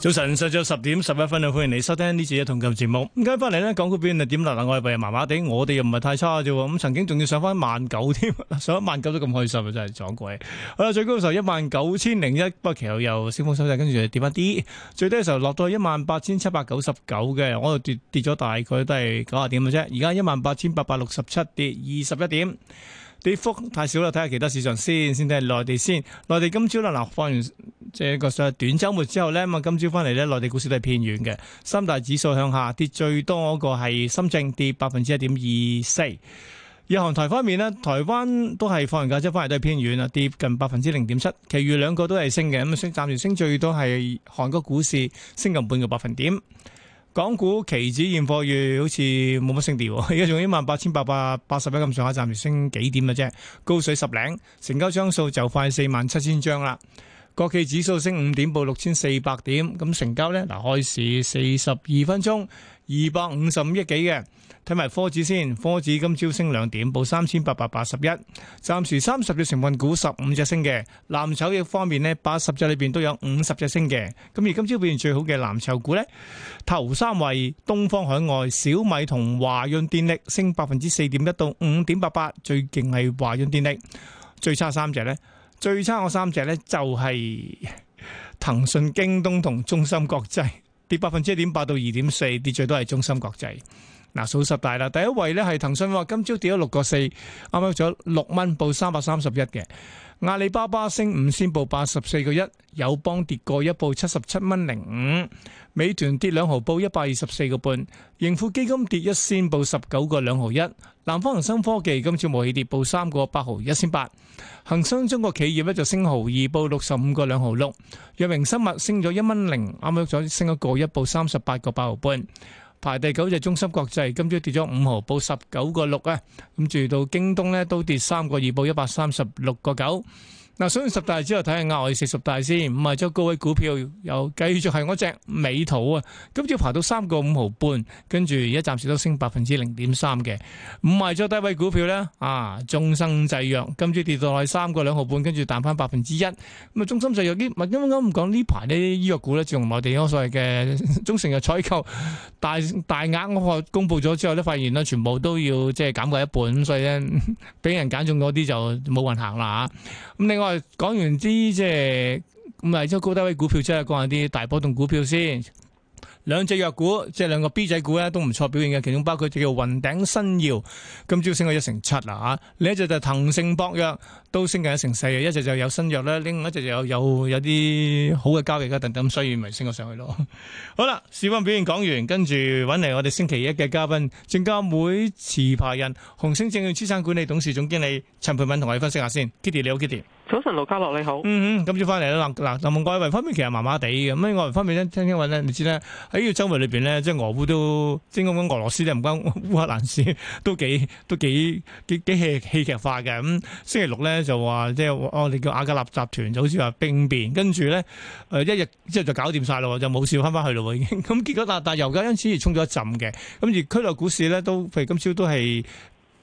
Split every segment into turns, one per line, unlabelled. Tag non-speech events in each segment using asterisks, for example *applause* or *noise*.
早晨，上晝十點十一分啊！歡迎你收聽呢次嘅同構節目。咁今日翻嚟咧，港股表現又點啦？啊，外圍又麻麻地，我哋又唔係太差啫。咁曾經仲要上翻萬九添，上一萬九都咁開心啊！真係撞鬼。好啦，最高嘅時候一萬九千零一，不過其後又升幅收窄，跟住跌翻啲。最低嘅時候落到一萬八千七百九十九嘅，我度跌跌咗大概都係九啊點嘅啫。而家一萬八千八百六十七，跌二十一點，跌幅太少啦。睇下其他市場先，先睇下內地先。內地今朝咧，嗱放完。即係個上短周末之後咧，咁啊，今朝翻嚟咧，內地股市都係偏軟嘅。三大指數向下跌，最多嗰個係深圳跌百分之一點二四。日韓台方面呢，台灣都係放完假之後，都係都係偏軟啦，跌近百分之零點七。其餘兩個都係升嘅，咁啊，暫時升最多係韓國股市升近半個百分點。港股期指現貨月好似冇乜升跌，而家仲一萬八千八百八十一咁上下，暫時升幾點嘅啫，高水十零，成交張數就快四萬七千張啦。國企指數升五點，報六千四百點。咁成交呢，嗱開市四十二分鐘，二百五十五億幾嘅。睇埋科指先，科指今朝升兩點，報三千八百八十一。暫時三十隻成分股，十五隻升嘅。藍籌嘅方面呢，八十隻裏邊都有五十隻升嘅。咁而今朝表現最好嘅藍籌股呢，頭三位：東方海外、小米同華潤電力升，升百分之四點一到五點八八。最勁係華潤電力。最差三隻呢。最差我三隻呢，就係、是、騰訊、京東同中芯國際跌百分之一點八到二點四，跌最多係中芯國際。嗱，數十大啦，第一位呢係騰訊，話今朝跌咗六個四，啱啱咗六蚊，報三百三十一嘅。阿里巴巴升五仙，報八十四個一。友邦跌過一，報七十七蚊零五。美團跌兩毫，報一百二十四個半。盈富基金跌一仙，報十九個兩毫一。南方恒生科技今朝無起跌，報三個八毫一千八。恒生中國企業咧就升毫二，報六十五個兩毫六。藥明生物升咗一蚊零，啱啱咗升一個一，報三十八個八毫半。排第九就中芯國際，今朝跌咗五毫，報十九個六啊。跟住到京東呢都跌三個二，報一百三十六個九。嗱，所以十大之後睇下額外四十大先，唔係最高位股票有繼續係我隻美圖啊，今朝爬到三個五毫半，跟住而家暫時都升百分之零點三嘅。唔係最低位股票咧，啊，中生製藥今朝跌到落去三個兩毫半，跟住彈翻百分之一。咁啊，中生製藥啲咪啱啱唔講呢排啲醫藥股咧，仲有我哋所謂嘅中成藥採購大大額嗰個公佈咗之後咧，發現咧全部都要即係減價一半，所以咧俾人揀中嗰啲就冇運行啦嚇。咁另外，講、啊、完，啲即係唔係即係高低位股票，即係講下啲大波動股票先。兩隻藥股，即係兩個 B 仔股咧，都唔錯表現嘅。其中包括就叫雲頂新耀，今朝升咗一成七啦吓。另一隻就騰盛博藥都升近一成四，一隻就有新藥啦，另一隻就有有有啲好嘅交易啦，等等，所以咪升咗上去咯。 *laughs* 好啦，市況表現講完，跟住搵嚟我哋星期一嘅嘉賓，證監會持牌人，紅星證券資產管理董事總經理陳蓓敏，同我哋分析下先。Kitty，你好，Kitty。早晨，盧家樂你好。嗯嗯，今朝翻嚟啦。嗱嗱，歐盟外圍方面其實麻麻地嘅。咩外圍方面咧，聽聽話咧，你知咧喺個周末裏邊咧，即係俄烏都即係講俄羅斯咧，唔關烏克蘭事，都幾都幾幾幾係戲劇化嘅。咁、嗯、星期六咧就話即係我哋叫阿格納集團，就好似話兵變，跟住咧誒一日之後就搞掂晒啦，就冇事翻翻去啦。已經咁結果但但油價因此而衝咗一陣嘅。咁而區內股市咧都譬如今朝都係。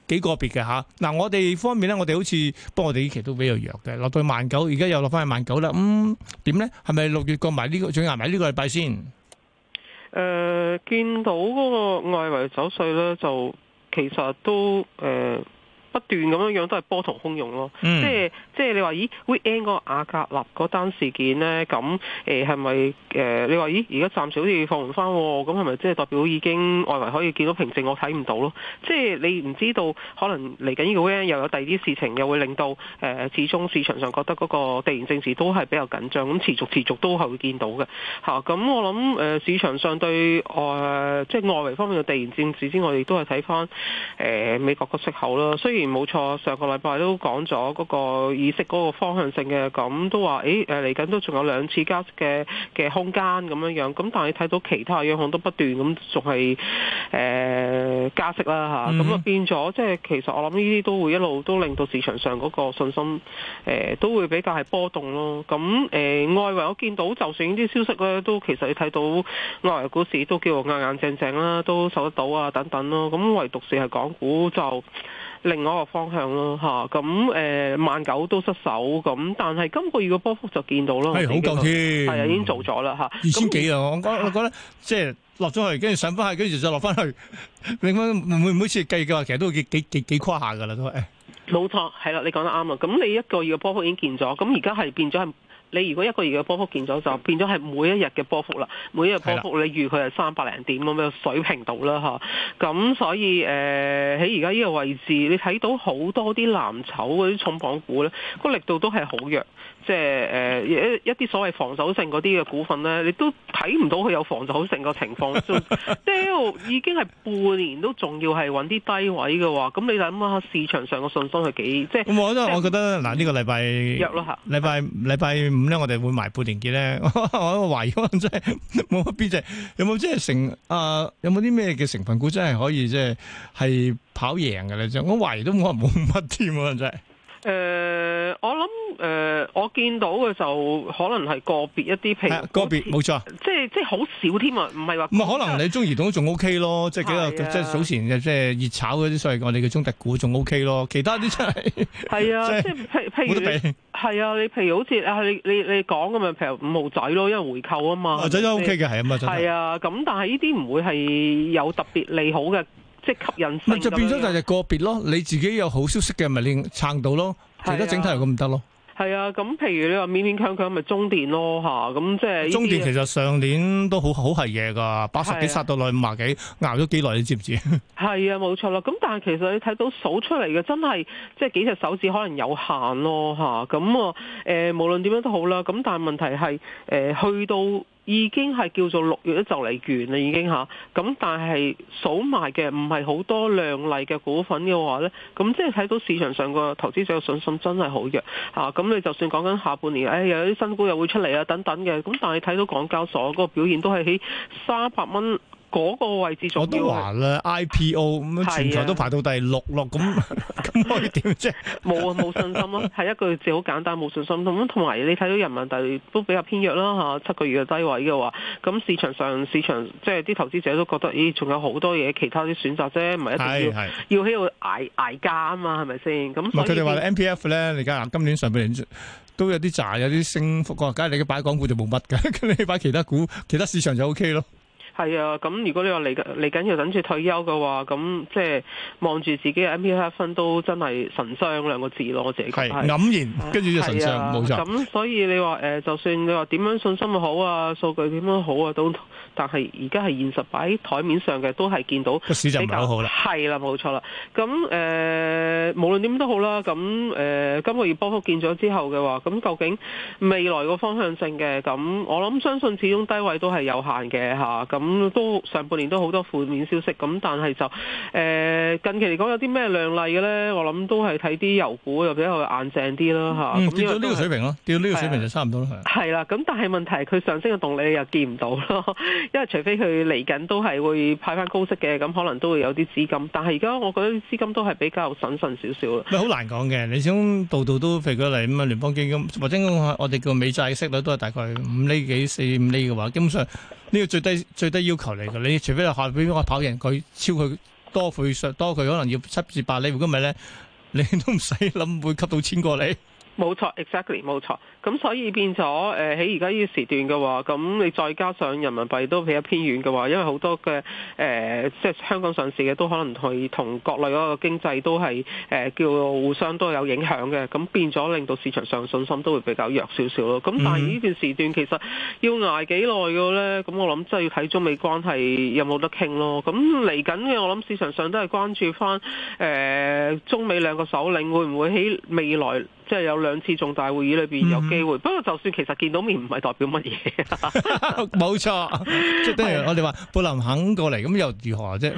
幾個別嘅吓，嗱，我哋方面咧，我哋好似，不過我哋呢期都比較弱嘅，落到萬九，而家又落翻去萬九啦，咁點咧？係咪六月過埋呢個，仲要捱埋呢個
禮拜先？誒，見到嗰個外圍走勢咧，就其實都誒。不斷咁樣樣都係波濤洶湧咯，嗯嗯、即係即係你話咦，weekend 嗰個瓦格納嗰單事件呢，咁誒係咪誒你話咦，而家暫時好似放唔翻喎，咁係咪即係代表已經外圍可以見到平靜？我睇唔到咯，即係你唔知道，可能嚟緊呢個 weekend 又有第二啲事情，又會令到誒、呃、始終市場上覺得嗰個地緣政治都係比較緊張，咁持續持續都係會見到嘅。嚇、啊，咁我諗誒、呃、市場上對、呃、即外即係外圍方面嘅地緣政治之外，亦都係睇翻誒美國個息口咯。雖然。冇錯，上個禮拜都講咗嗰個意識嗰個方向性嘅，咁都話，誒、欸，嚟緊都仲有兩次加息嘅嘅空間咁樣樣，咁但係你睇到其他央行都不斷咁，仲係誒加息啦嚇，咁啊、嗯、哼就變咗即係其實我諗呢啲都會一路都令到市場上嗰個信心誒、呃、都會比較係波動咯，咁誒、呃、外圍我見到就算呢啲消息咧，都其實你睇到外圍股市都叫硬硬正正啦，都受得到啊等等咯，咁唯獨是係港股就。另外一個方向咯嚇，咁誒萬九都失手，咁但係今個月嘅波幅就見到咯，係好夠添，係啊已經做咗啦嚇，嗯、那二千幾啊我
我覺得即係落
咗去跟住上翻去跟住就落、是、翻去，唔會
每每次計嘅話其實都幾幾幾幾誇下㗎啦都，
冇錯係啦，你講得啱啊，咁你一個月嘅波幅已經見咗，咁而家係變咗係。你如果一個月嘅波幅見咗，就變咗係每一日嘅波幅啦。每一日波幅，的你預佢係三百零點咁嘅水平度啦嚇。咁、啊、所以誒，喺而家呢個位置，你睇到好多啲藍籌嗰啲重磅股咧，個力度都係好弱。即係誒一啲所謂防守性嗰啲嘅股份咧，你都睇唔到佢有防守性嘅情況，即係已經係半年都仲要係揾啲低位嘅話，咁你諗下市場上嘅信心係幾？即係我真係，我覺得
嗱呢個禮拜一咯嚇，禮拜禮拜五咧，我哋會埋半年結咧，我懷疑可能真係冇乜變勢，有冇即係成啊？有冇啲咩嘅成分股真係可以即係係跑贏嘅咧？就我懷疑都冇我冇乜添真係。誒
我。誒，我見到嘅就可能係個別一啲，譬如個別冇錯，即係即係好少添啊，唔係話。咁啊，可能
你中移動都仲 OK 咯，即係幾個即係早前即係熱炒嗰啲所謂我哋嘅中特股仲 OK 咯，其他啲真係。係啊，即
係譬如譬如，係啊，你譬如好似你你你講咁啊，譬如五號仔咯，因為回購啊嘛。仔都 OK 嘅，係啊嘛，真係。係啊，咁但係呢啲唔會係有特別利好嘅，即係吸引。咪就變咗就
係個別咯。你自己有好消息嘅咪你撐到咯，其他整體又咁唔得咯。
係啊，咁譬如你話勉勉強強咪中電咯吓，咁即係。中電其
實上年都好好係嘢噶，八十幾殺到嚟五十幾，啊、熬咗幾耐你知唔知？
係啊，冇錯啦。咁但係其實你睇到數出嚟嘅真係，即、就、係、是、幾隻手指可能有限咯吓。咁啊，誒、呃，無論點樣都好啦。咁但係問題係，誒、呃，去到。已經係叫做六月都就嚟完啦，已經吓。咁但係數埋嘅唔係好多亮麗嘅股份嘅話呢，咁即係睇到市場上個投資者嘅信心真係好弱吓。咁你就算講緊下半年，誒、哎、有啲新股又會出嚟啊等等嘅，咁但係睇到港交所嗰個表現都係喺三百蚊。嗰個位置做我都話啦，IPO 咁前排都排到第六咯，咁點即係？冇啊，冇信心咯，係 *laughs* 一個字，好簡單，冇信心。咁同埋你睇到人民幣都比較偏弱啦吓，七個月嘅低位嘅話，咁市場上市場即係啲投資者都覺得，咦，仲有好多嘢其他啲選擇啫，唔係一定要要喺度挨挨價啊嘛，係咪先？咁佢哋話 M
P F 咧，你而家今年上半年都有啲賺，有啲升幅，咁啊，梗係你嘅擺港股就冇乜咁你擺其他股，其他市場就 OK 咯。
係啊，咁如果你話嚟緊嚟緊要等住退休嘅話，咁即係望住自己嘅 MPF 分都真係神傷兩個字咯，我自己覺得係黯然，跟住就神傷，冇錯。咁所以你話誒、呃，就算你話點樣信心好啊，數據點樣好啊，都但係而家係現實擺喺台面上嘅，都係見到個市就唔係好好啦。係啦、啊，冇錯啦。咁誒、呃，無論點都好啦。咁誒、呃，今個月波幅見咗之後嘅話，咁究竟未來個方向性嘅，咁我諗相信始終低位都係有限嘅嚇。咁咁都上半年都好多負面消息，咁但係就誒近期嚟講有啲咩亮麗嘅咧？我諗都係睇啲油股又比較硬淨啲咯嚇。嗯，跌到呢個水平咯，跌到呢個水平就差唔多啦，係。係啦，咁但係問題佢上升嘅動力又見唔到咯，因為除非佢嚟緊都係會派翻高息嘅，咁可能都會有啲資金。但係而家我覺得資金都係比較審慎少少啦。唔
係好難講嘅，你想度度都肥咗嚟咁啊？聯邦基金或者我我哋叫美債息率都係大概五厘幾、四五厘嘅話，基本上呢個最低最低。要求嚟嘅，你除非下邊個跑贏佢，佢超佢多倍上多佢，可能要七至八釐，你如果唔係咧，你都唔使諗會吸到千過嚟。 *laughs* 冇
錯，exactly 冇錯。咁、exactly, 所以變咗，誒喺而家呢個時段嘅話，咁你再加上人民幣都比較偏遠嘅話，因為好多嘅誒、呃，即係香港上市嘅都可能係同國內嗰個經濟都係誒、呃、叫互相都有影響嘅。咁變咗令到市場上信心都會比較弱少少咯。咁但係呢段時段其實要挨幾耐嘅咧，咁我諗真係要睇中美關係有冇得傾咯。咁嚟緊嘅我諗市場上都係關注翻誒、呃、中美兩個首領會唔會喺未來。即係有兩次重大會議裏邊有機會，嗯、不過就算其實見到面唔係代表乜嘢呵，
冇 *laughs* 錯。即係 *laughs* 我哋話布林肯過嚟，咁又如何啫、
啊？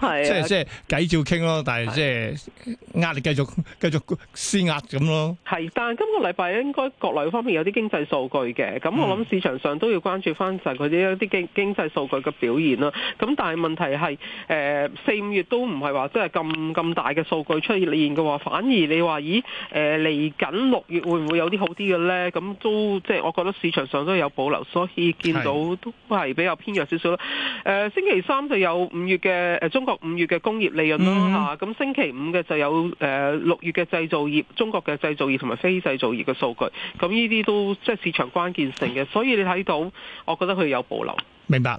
係是的 *laughs* 即係即係
計照傾咯，但係即係壓力繼續繼續施壓咁咯。
係，但係今個禮拜應該國內方面有啲經濟數據嘅，咁我諗市場上都要關注翻就係嗰啲一啲經經濟數據嘅表現啦。咁但係問題係誒四五月都唔係話真係咁咁大嘅數據出現嘅話，反而你話咦誒利、呃而緊六月會唔會有啲好啲嘅呢？咁都即係，我覺得市場上都有保留，所以見到都係比較偏弱少少咯。星期三就有五月嘅、呃、中國五月嘅工業利潤啦嚇，咁、嗯啊、星期五嘅就有誒呃、六月嘅製造業中國嘅製造業同埋非製造業嘅數據，咁呢啲都即係市場關鍵性嘅，所以你睇到，我覺得佢有保留。
明白。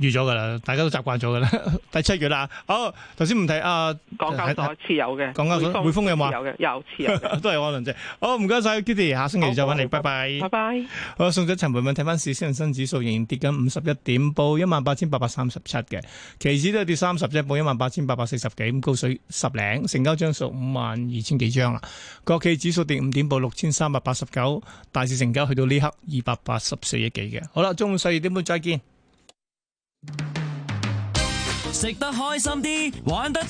預咗噶啦，大家都習慣咗噶啦。第七月啦，好、哦，頭先唔睇啊，港、呃、交所持有嘅，港交所匯豐有冇有嘅，有持有。 *laughs* 都係我倫姐。好、哦，唔該晒，Kitty，下星期再搵你，好拜拜。拜拜。好，送咗陳蓓敏睇翻市先，恒生指數，仍然跌緊五十一點，報一萬八千八百三十七嘅。期指都係跌三十，即係報一萬八千八百四十幾，咁高水十零。成交張數五萬二千幾張啦。國企指數跌五點，報六千三百八十九。大市成交去到呢刻二百八十四億幾嘅。好啦，中午十二點半再見。食得開心啲，玩得。